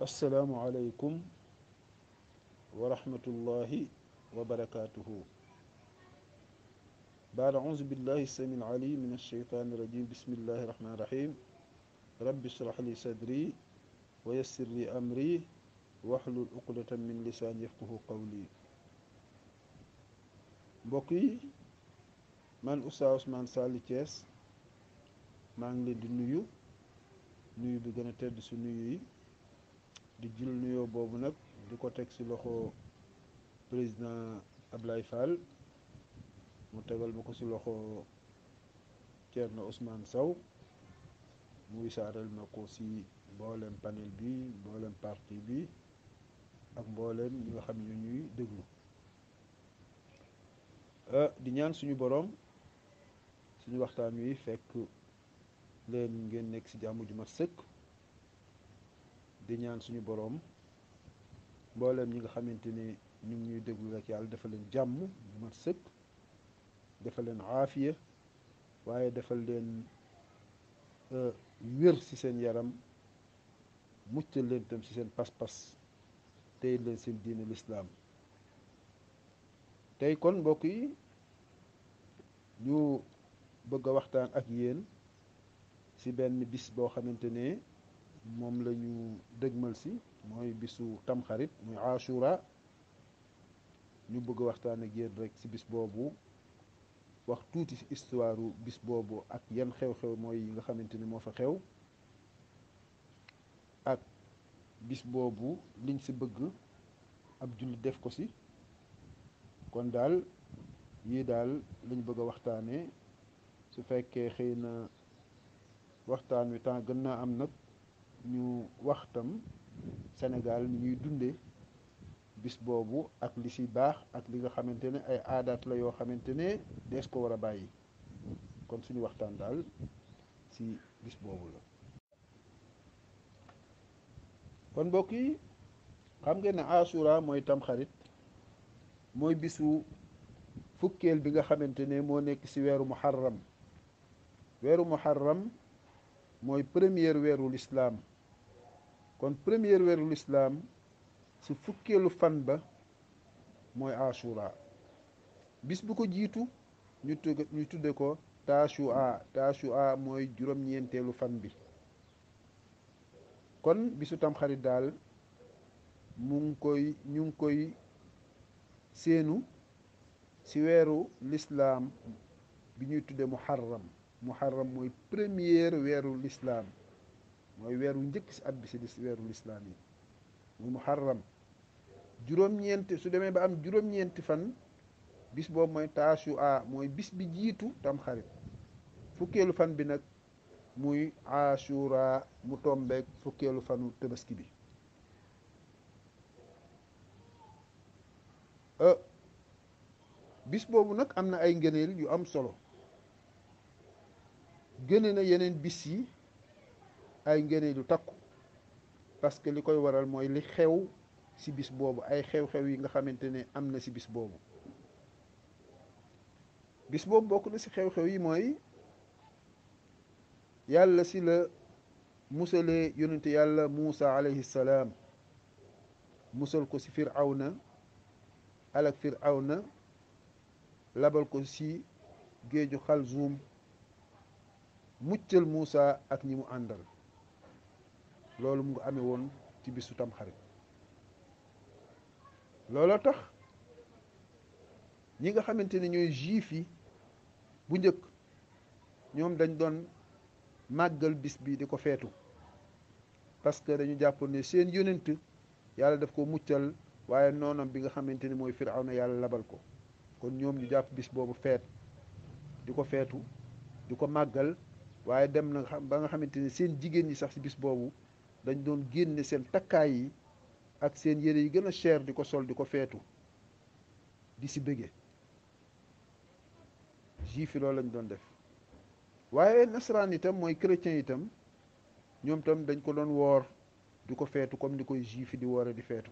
asalaamualeykum wa rahmatullahi wa barakatuhu baad auzu billahi sami alalim min alsheytani irajim bismillahi irrahmani irrahim rabbi israh li sadri wa yassir li amri waxlul uqdatan min lisaan yafqahu qawli mbokk yi man Oustaz Ousmane Sall Thiès maa ngi leen di nuyu nuyu bi gën a tedd su nuyu yi di jël nuyoo boobu nag di ko teg ci loxo président Ablaye Fall mu tegal ma ko ci loxo Thierno Ousmane Sow muy saaral ma ko ci mboolem panel bi mboolem parti bi ak mboolem ñi nga xam ñu ñuy déglu ah, di ñaan suñu boroom suñu waxtaan wi fekk leen ngeen nekk ci jàmm ju mat sëkk di ñaan suñu borom mboolem ñi nga xamante ni ñu ngi ñuy déglu rek yàlla dafa leen jàmm mat sëkk dafa leen aafiya waaye dafa leen si euh, seen yaram muccal leen tam si seen pas-pas tey leen seen diine lislaam tey kon mbokk yi ñu bëgg waxtaan ak si benn bis boo xamante ne moom la ñu dëgmal si mooy bisu tamxarit muy ashura ñu bëgg waxtaane ak yéen rek bis boobu wax tuuti si histoire bis boobu ak yan xew-xew mooy yi nga xamante ni moo fa xew ak bis boobu liñ si bëgg ab julli def ko si kon daal yii daal lañ bëgg a waxtaanee su fekkee xëy na waxtaan wi temps gën naa am nag ñu waxtam senegal Sénégal ni ñuy dundee bis boobu ak li si baax ak li nga xamante ne ay aadaat la yoo xamante ne dees ko war a bàyyi kon suñu waxtaan daal si bis boobu la kon mbokk yi xam nga ne asura mooy tamxarit mooy bisu fukkeel bi nga xamante ne moo nekk si weeru muharram weeru muharram mooy première weeru lislaam kon première weeru lislaam si fukkeelu fan ba mooy ashura bis bu ko jiitu ñu tuddee ko tashua tashua mooy juróom-ñeenteelu fan bi kon bisu tamxarit daal mu koy ñu ngi koy séenu si weeru lislaam bi ñuy tudde muharram muharram moy premier wéru l'islam moy wéru njëkk ci at ci wéru l'islam yi muy muharram juróom ñent su démé ba am juróom ñent fan bis boobu moy taasu a moy bis bi jitu tam xarit fukkelu fan bi nak moy asura mu tombe fukkelu fanu tebaski bi euh, bis bobu nak amna ay ngëneel yu am solo gëne na yenen bis yi ay ngéné yu takku parce que likoy waral moy li xew ci bis bobu ay xew-xew yi nga xamantene amna ci bis bobu bis bobu bokku na ci xew-xew yi moy yàlla ci la musale yonente yàlla Muusa alayhi salam musal ko ci fir'auna alak fir'auna labal ko ci géeju Xalzuum muccal Moussa ak ñi mu àndal loolu mu ngi amee woon ci bisu tamxarit looloo tax ñi nga xamante ne ñooy juif yi bu njëkk ñoom dañ doon màggal bis bi di ko feetu parce que dañu jàpp ne seen yonent yàlla def ko muccal waaye noonam bi nga xamante ni mooy na yàlla labal ko kon ñoom ñu jàpp bis boobu feet di ko feetu di ko màggal waaye dem na ba nga xamante ne seen jigéen ñi sax si bis boobu dañ doon génne seen takkaay yi ak seen yére yi gën a cher di ko sol di ko feetu di si bëggee juif yi loolu lañ doon def waaye nasaraan itam mooy chrétien itam ñoom itam dañ ko doon woor di ko feetu comme ni koy juif yi di woore di feetu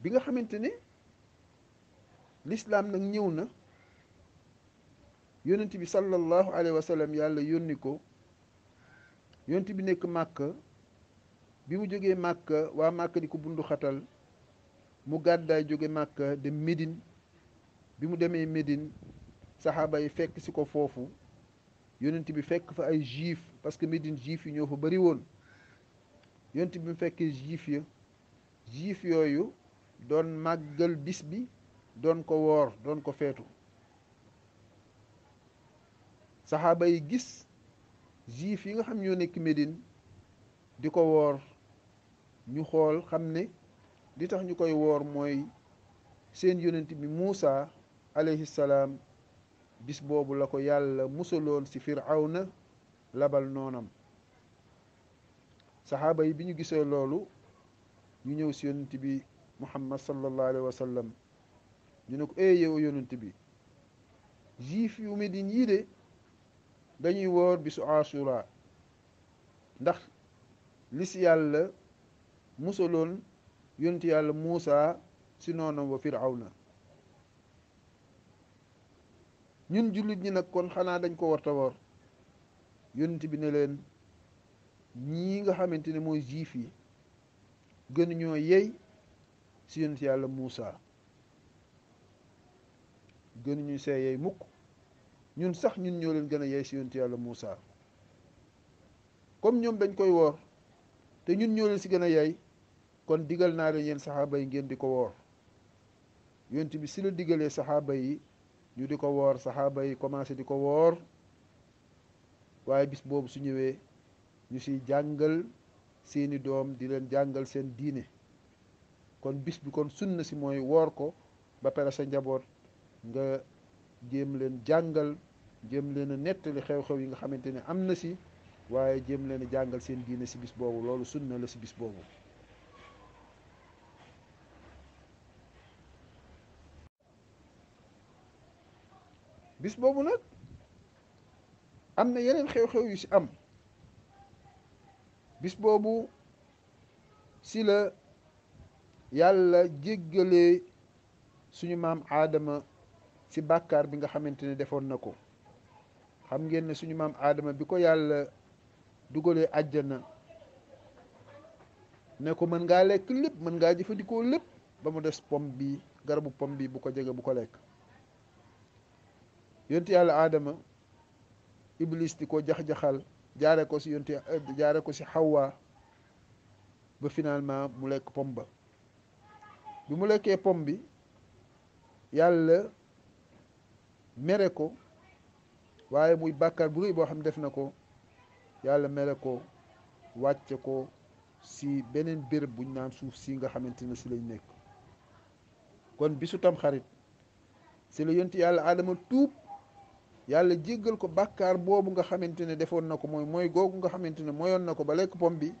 bi nga xamante ne l'islam nag ñëw na yonent bi sallallahu alayhi wa yàlla yónni ko yonent bi nekk màkk bi mu jógee màkk waa màkka di ko bundu xatal mu gàddaay jóge màkk dem Médine bi mu demee Médine saxaaba yi fekk si ko foofu yonent bi fekk fa ay juif parce que Médine juif yi ñoo fa bari woon yonent bi mu fekkee juif ya juif yooyu doon màggal bis bi doon ko woor doon ko feetu saxaaba yi gis juif yi nga xam ñoo nekk Médine di ko woor ñu xool xam ne li tax ñu koy woor mooy seen yonent bi Muusa alayhi salaam bis boobu la ko yàlla musaloon ci firawna labal noonam saxaaba yi bi ñu gisee loolu ñu ñëw ci yonent bi muhammad sallallahu alayhi wa ñu ne ko ee yow yonent bi juif yu Médine yii de dañuy woor bisu Ashura ndax li si yàlla musaloon yonent yàlla Muusa si noonam wa na ñun jullit ñi nag kon xanaa dañ ko warta woor bi ne leen ñi nga xamante ne mooy juif yi gënuñoo yey ci yonent yàlla Muusa gënuñu see yey mukk ñun sax ñun ñoo leen gën a yey si yonent yàlla Moussa comme ñoom dañ koy woor te ñun ñoo leen si gën a yey kon digal naa leen yéen saxaaba yi ngeen di ko woor yonent bi si la digalee saxaaba yi ñu di ko woor saxaaba yi commencé di ko woor bis boobu su ñëwee ñu siy jàngal seeni doom di leen jàngal seen diine kon bis bi kon sunna si mooy woor ko ba pare sa njaboot nga jéem leen jàngal jéem leen a nettali xew-xew yi nga xamante ne am na si waaye jéem leen jàngal seen diine si bis boobu loolu sunna la si bis boobu bis boobu nag am na yeneen xew-xew yu si am bis boobu si la yàlla jéggalee suñu maam aadama si bakkar bi nga xamanteni ne nako xam ngeen ne suñu mam adama bi ko yàlla dugalee àjjana ne ko man nga lek lepp man nga jëfandikoo lepp ba mu des pom bi garabu pom bi bu ko jege bu ko lek yonti yalla adama iblis di ko jax-jaxal jaare ko ci yonti jaare ko ci hawa ba finalement mu lek pom ba bi mu lekke pom bi yalla mere ko waaye muy bàkkaar bu rëy boo xam ne def na ko yàlla mere ko wàcce ko si beneen béréb buñ naan suuf si nga xamante ne si lañ nekk kon bisu tam xarit si la yonti yàlla aadama tuub yàlla jéggal ko bàkkaar boobu nga xamante ne defoon na ko mooy mooy googu nga xamante ne moyoon na ko ba lekk pom bi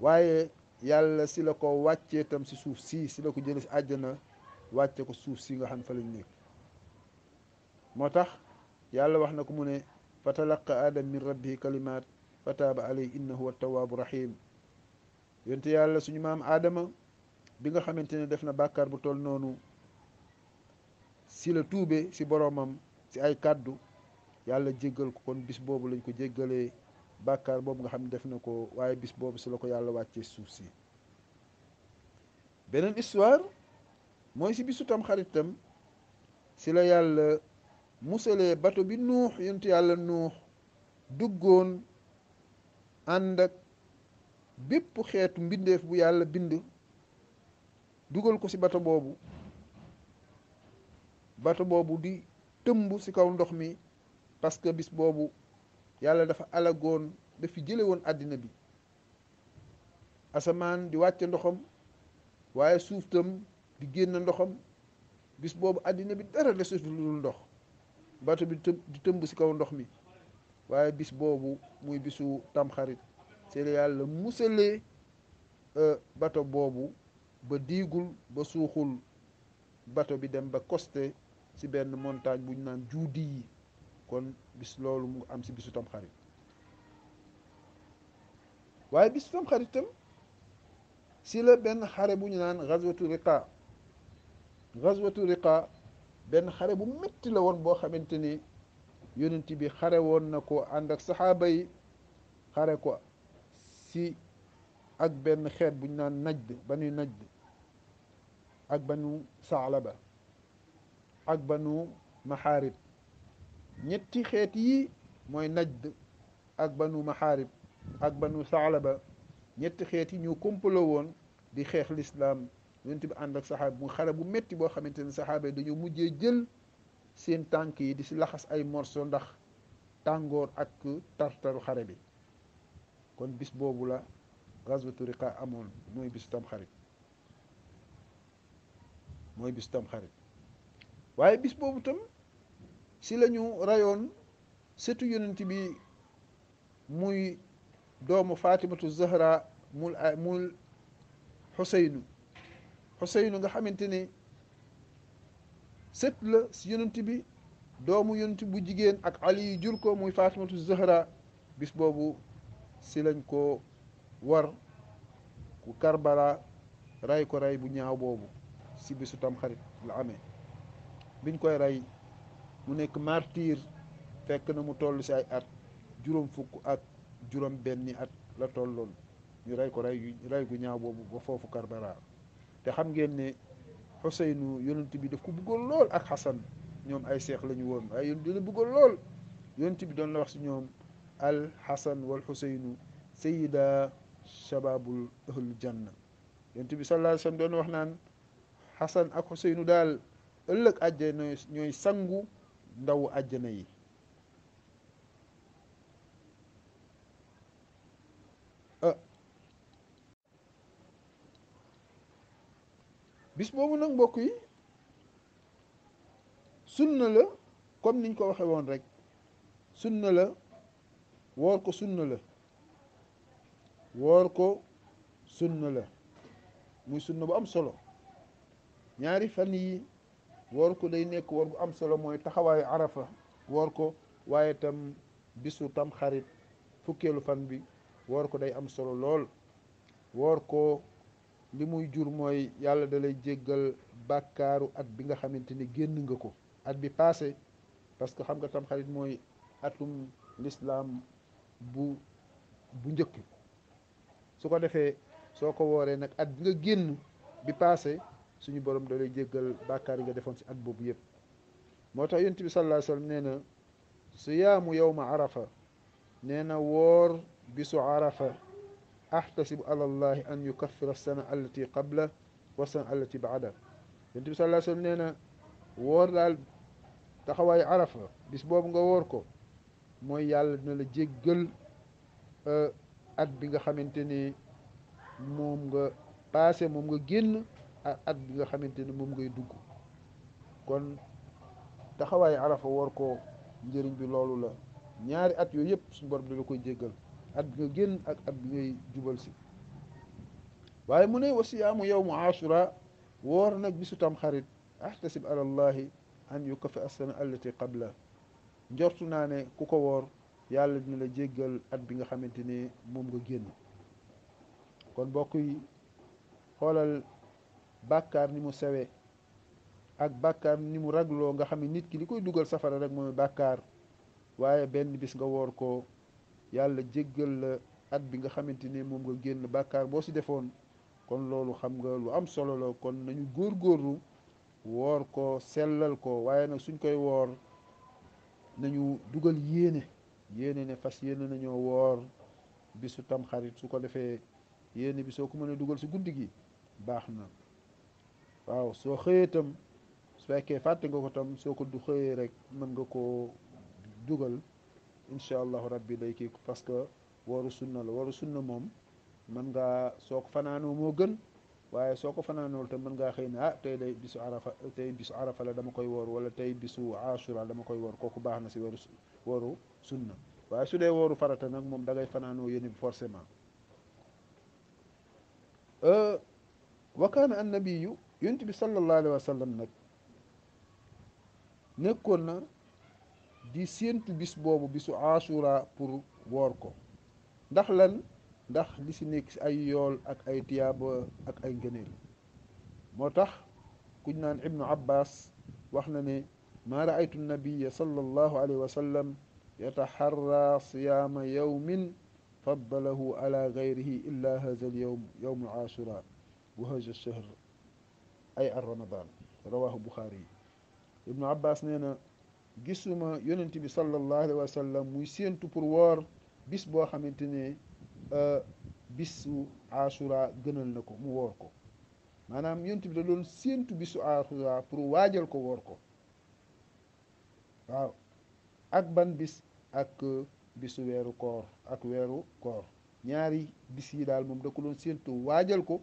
waaye yàlla si la ko wàccee tam si suuf si si la ko jëlee si àjjana wàcce ko suuf si nga xam fa lañ nekk moo tax yàlla wax na ko mu ne fa talaqa adam min rabbihi kalimaat fa taaba alay innahu attawaabu rahim yonte yàlla suñu maam aadama bi nga xamante ne def na bàkkaar bu toll noonu si la tuube si boroomam ci ay kàddu yàlla jéggal ko kon bis boobu lañ ko jéggalee bàkkaar boobu nga xam ne def na ko waaye bis boobu si la ko yàlla wàccee suuf si beneen histoire mooy si bisu tam xaritam si la yàlla musalee bato bi nuux yonent yàlla nuux duggoon àndak ak bépp xeetu mbindeef bu yàlla bind dugal ko ci bato boobu bato boobu di tëmb ci kaw ndox mi parce que bis boobu yàlla dafa alagoon dafi jële woon àddina bi asamaan di wàcce ndoxam waaye suuf tam di génn ndoxam bis boobu àddina bi dara desul lu dul ndox bato bi di tëmb si kaw ndox mi waaye bis boobu muy bisu tamxarit c'est yàlla musalee euh, bato boobu ba diigul ba suuxul bato bi dem ba costé ci benn montagne bu naan juudi yi kon bis loolu mu am si bisu tamxarit waaye bisu tamxarit tam si la benn xare bu ñu naan gazwatu riqa gazwatu riqa benn xare bu métti la woon boo xamante ni yonent bi xare woon na ko ànd ak saxaaba yi xare ko si ak benn xeet buñ naan najd banu najd ak banu saalaba ak banu maxaarib ñetti xeet yi mooy najd ak banu maxaarib ak banu saalaba ñetti xeet yi ñu komplo woon di xeex lislaam yonent bi ànd ak saxaaba mu xare bu métti boo xamante ne saxaaba yi dañoo mujjee jël seen tànk yi di si laxas ay morso ndax tàngoor ak tartaru xare bi kon bis boobu la gazwatu riqa amoon mooy bisu tamxarit mooy bisu waaye bis boobu tam ci la ñu rayoon sëtu yonent bi muy doomu fatimatu zahra mul mul xuseynu xuseynu nga xamante ni sët la si yonent bi doomu yonent bu jigéen ak ali yu jur ko muy fatimatu zahra bis boobu si lañ ko war ku karbala ray ko ray bu ñaaw boobu si bisu tam xarit la amee biñ koy ray mu nekk martir fekk na mu toll si ay at juróom fukk ak juróom benni at la tolloon ñu ray ko ray ray gu ñaaw boobu ba foofu karbala te xam ngeen ne Xuseynu yonent bi daf ko buggoon lool ak Xasan ñoom ay seex la ñu woon waaye yonent bi bëggoon lool yonent bi doon la wax si ñoom al Xasan wal Xuseynu sayida shababul ahlul janna yonent bi sallallahu alayhi wa sallam wax naan Xasan ak Xuseynu daal ëllëg àjjana ñooy sangu ndaw àjjana yi bis boobu nag mbokk yi sunna la comme niñ ko waxe woon rek sunna la woor ko sunna la woor ko sunna la muy sunna bu am solo ñaari fan yi woor ko day nekk woor bu am solo mooy taxawaayu arafa woor ko waaye tam bisu tam xarit fukkeelu fan bi woor ko day am solo lool woor ko li muy jur mooy yàlla da lay jéggal bàkkaaru at bi nga xamante ni génn nga ko at bi passé parce que xam nga tamxarit mooy atum lislaam bu bu njëkk su ko defee soo ko wooree nag at bi nga génn bi passé suñu borom da lay jéggal bàkkaar yi nga defoon ci at boobu yëpp moo tax yonent bi sallallahu alayhi wasallam nee na siyaamu yawma arafa nee na woor bisu arafa ahtasibu ala allahi an yukaffira sana allati qabla wa sana allati baada yonent bi sallallahu alayhi wa sallam nee na woor daal taxawaayu arafa bis boobu nga woor ko mooy yàlla dina la jéggal euh, at bi nga xamante ne moom nga passé moom nga génn ak at bi nga xamante ne moom ngay dugg kon taxawaayu arafa woor ko njëriñ bi loolu la ñaari at yooyu yëpp suñu borom dina la koy jéggal at bi nga génn ak at bi ngay jubal si waaye mu ne wasiyaamu mu ashura woor nag bisu tam xarit ahtasib ala allahi an yukaffi assana allati qabla njortu naa ne ku ko woor yàlla dina la jéggal at bi nga xamante ne moom nga génn kon mbokk yi xoolal bàkkaar ni mu sewe ak bàkkaar ni mu ragloo nga xam ne nit ki li koy dugal safara rek mooy bàkkaar waaye benn bis nga woor ko yàlla jéggal la at bi nga xamante ne moom nga génn bàkkaar boo si defoon kon loolu xam nga lu am solo la kon nañu góor góorgóorlu woor ko sellal ko waaye nag suñ koy woor nañu dugal yéene yéene ne fas yéene nañoo woor bi su tamxarit su ko defee yéene bi soo ko mënee dugal ci guddi gi baax na waaw soo xëyee tam su fekkee fàtte nga ko tam soo ko du xëyee rek mën nga koo dugal incha allahu rabbi day kii parce que wooru sunna la wooru sunna moom man ngaa soo ko fanaanoo moo gën waaye soo ko fanaanool te mën ngaa xëy ne ah tey day bisu arafa tey bisu arafa la dama koy woor wala tey bisu asura dama koy woor kooku baax na si wooru wooru sunna waaye su dee waru farata nag moom da fanaanoo yéene bi forcément euh, wa kaana annabiyu yonent bi sallallahu alayhi wa sallam nag nekkoon na di séentu bis boobu bisu asura pour woor ko ndax lan ndax li si nekk si ay yool ak ay tiyaaba ak ay ngëneel moo tax kuñ naan ibnu abbas wax na ne maa raaytu nabiya sallallahu alayhi wa sallam yataxarra siyaama yawmin faddalahu ala gayrihi illa haza al yawm yawmu asura wa haza shahr ay ar ramadan rawahu buxaari yi ibnu abbas nee na gisuma yonent bi sallallahu alayhi wa sallam muy séentu pour woor bis boo xamante ne euh, bisu asura gënal na ko mu woor ko maanaam yonent bi da doon séentu bisu asura pour waajal ko woor ko waaw ak ban bis ak euh, bisu weeru koor ak weeru koor ñaari bis yi daal moom da ko doon séentu waajal ko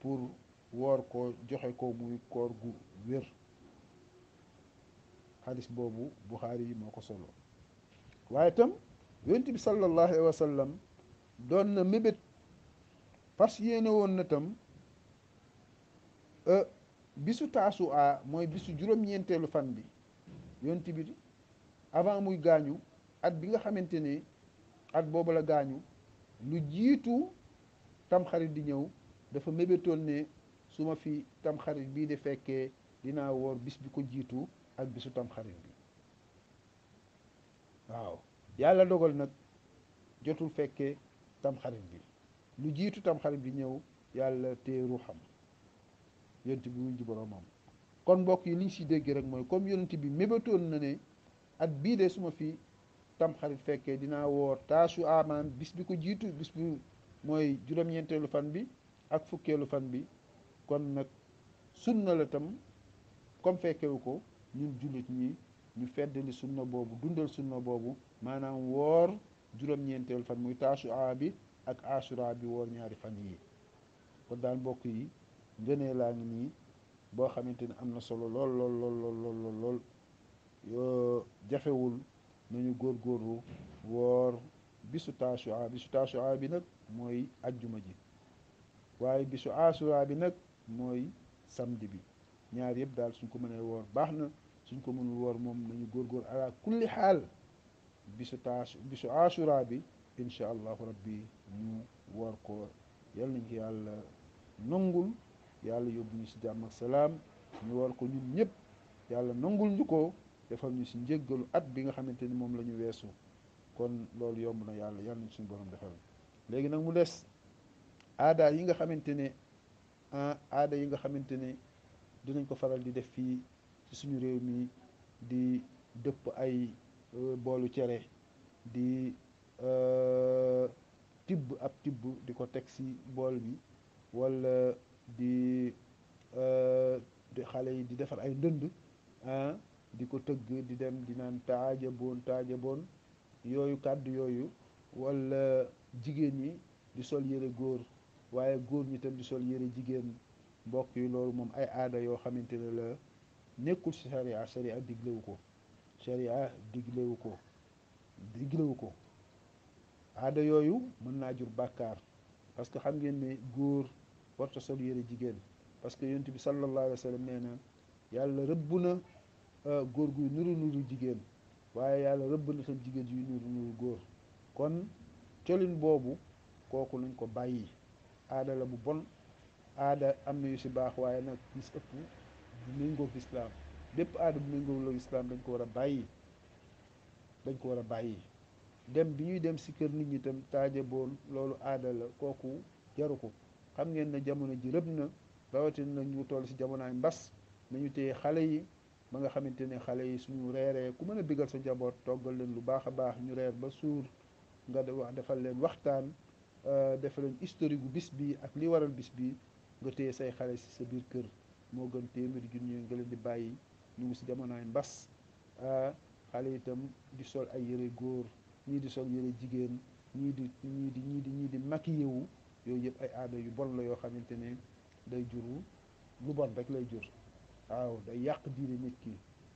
pour woor ko joxe ko muy koor gu wér xadis boobu Buxaari moo ko solo waaye tam yonent bi sallallahu doon na mébét parce que yéene woon na tam euh, bisu taasu a mooy bisu juróom-ñeenteelu fan bi yonent avant muy gaañu at bi nga xamante ne at boobu la gaañu lu jiitu tamxarit di ñëw dafa mébétoon ne su ma fi tamxarit bii di fekkee dinaa woor bis bi ko jiitu ak bisu tamxarit bi waaw yàlla dogal nag jotul fekkee tamxarit bi lu jiitu tamxarit bi ñëw yàlla téye ruuxam yonent bi wuñ ji boroomam kon mbokk yi liñ si dégg rek mooy comme yonent bi mébatoon na ne at bii de suma fi tamxarit fekkee dina woor taasu amaan bis bi ko jiitu bis bi mooy juróom-ñeenteelu fan bi ak fukkeelu fan bi kon nag sunna la tam comme fekkewu ko ñun jullit ñi ñu feddali sunna boobu dundal sunna boobu maanaam woor juróom-ñeenteel fan muy taasuwaa bi ak asura bi woor ñaari fan yi kon daal mbokk yi ngënee laa ngi nii boo xamante ni am na solo lool lool lool lool jafewul nañu góorgóorlu woor bisu taasuwaa bisu taasuwaa bi nag mooy ajjuma ji waaye bisu asura bi nag mooy samedi bi ñaar yëpp daal suñ ko mënee woor baax na suñ ko mënul woor moom nañu góorgóor ala kulli xaal bisu taas bisu asura bi incha allahu rabbi ñu woor ko yàlla nañ ko yàlla nongul yàlla yóbbu ñu si jàmm ak salaam ñu woor ko ñun ñëpp yàlla nongul ñu ko defal ñu si njéggalu at bi nga xamante ni moom la ñu weesu kon loolu yomb na yàlla yàlla suñ suñu borom defal léegi nag mu des aada yi nga xamante ne ah, aada yi nga xamante ne dinañ ko faral di def fii ci suñu réew mi di dëpp ay euh, boolu cere di euh, tibb ab tibb di ko teg ci bool bi walla euh, di xale yi di defar ay ndënd ah di ko tëgg di dem di naan taaja boon yooyu kàddu yooyu walla jigéen ñi di sol yére góor waaye góor ñi tam di sol yére jigéen mbokk yi loolu moom ay aada yoo xamante ne la nekkul si sharia sharia diglewu ko sharia diglewu ko diglewu ko aada yooyu mën naa jur bàkkaar parce que xam ngeen ne góor warta sol yére jigéen parce que yonent bi sallallahu alayhi wa sallam nee na yàlla rëbb na euh, góor guy nuru nuru jigéen waaye yàlla rëbb na tam jigéen yuy nuru nuru góor kon colin boobu kooku nañ ko bàyyi aada la bu bon aada am na yu si baax waaye nag gis ëpp bu Islam, lislaam bépp aada ah, bu mengo lo islam dañ ko wara bayyi dañ ko wara bayyi dem bi ñuy dem si kër nit ñi tam taaje boon loolu aada la kooku jaru ko xam ngeen ne jamono ji rëb na rawatina na ñu toll si ay mbas nañu téye xale yi ba nga xamante ne xale yi suñu reeree ku mën bigal sa njaboot toggal leen lu baax a baax ñu reer ba suur nga wax defal leen waxtaan euh, defal leen historique bu bis bi ak li waral bis bi nga téye say xale si sa biir kër moo gën téeméeri junni nga leen di bàyyi ñu ngi si jamonoy mbas ah, xale itam di sol ay yëre góor ñii di sol yëre jigéen ñii di ñii di ñii di ñii di maquillé wu yooyu yëpp ay aada yu bon la yoo xamante ne day juru lu bon rek lay jur waaw day yàq diine nit ki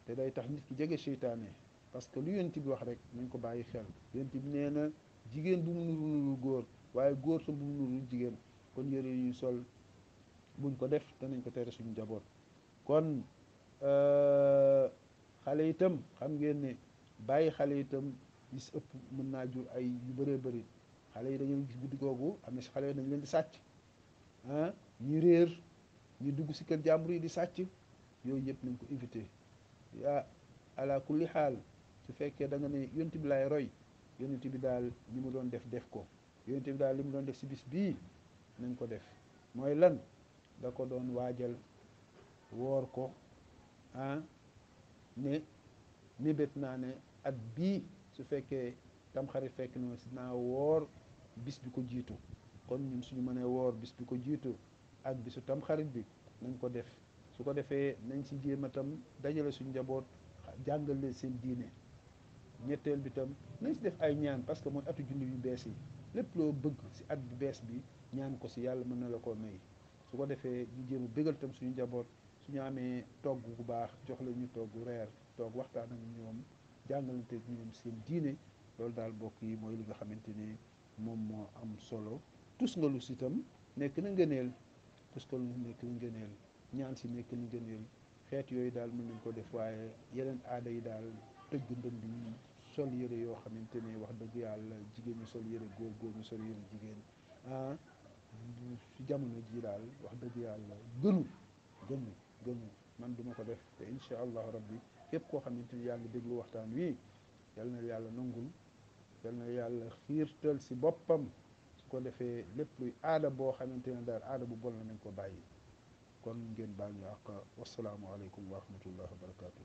te day tax nit ki jege seytaane parce que lu yent bi wax rek nañ ko bàyyi xel yent bi nee na jigéen bu mu nuru nuru góor waaye góor sa bu mu nuru jigéen kon yëre yu sol buñ ko def danañ ko téré suñu jaboot kon euh, xalé itam xam ngeen ne bàyyi xalé itam gis ëpp mën naa jur ay yu bëree bëri xalé yi dañuy gis guddi googu am na si xale yi leen di sàcc ah ñu réer ñu dugg si kër jàmbur yi di sàcc yooyu yëpp nañ ko éviter ya ala kulli xaal su fekkee da nga ne yonent bi laay roy yonent bi daal li mu doon def def ko yonent bi daal li mu doon def si bis bii nañ ko def mooy lan da ko doon waajal woor ko ah ne mébét naa ne at bii su fekkee tamxarit fekk na si naa woor bis bi ko jiitu kon ñun suñu mënee woor bis bi ko jiitu ak bisu tamxarit bi nañ ko def su ko defee nañ si jéem a tam dajale suñu njaboot jàngal leen seen diine ñetteel bi tam nañ si def ay ñaan parce que mooy atu junni yu bees yi lépp loo bëgg si at bu bees bi ñaan ko si yàlla mën na la ko may su ko defee ñu jéem a tam suñu njaboot suñu amee togg bu baax jox la ñu togg reer toog waxtaan ak ñoom jàngalante ak ñoom seen diine loolu daal bokk yi mooy li nga xamante ne moom moo am solo tus nga si itam nekk na ngëneel tus nga lu nekk na ngëneel ñaan si nekk na ngëneel xeet yooyu daal mën nañ ko def waaye yeneen aada yi daal tëgg ndënd yi sol yëre yoo xamante ne wax dëgg yàlla jigéen ñi sol yëre góor góor ñi sol yëre jigéen ah fi jamono ji daal wax dëgg yàlla gënul gënul gënul man duma ko def te incha allahu rabbi képp koo xamante ni yaa déglu waxtaan wi yal na yàlla nangul yal na yàlla xiirtal si boppam su ko defee lépp luy aada boo xamante ne daal aada bu bon la nañ ko bàyyi kon ngeen baal ñu àq wasalaamualeykum wa rahmatullah wa barakatuhu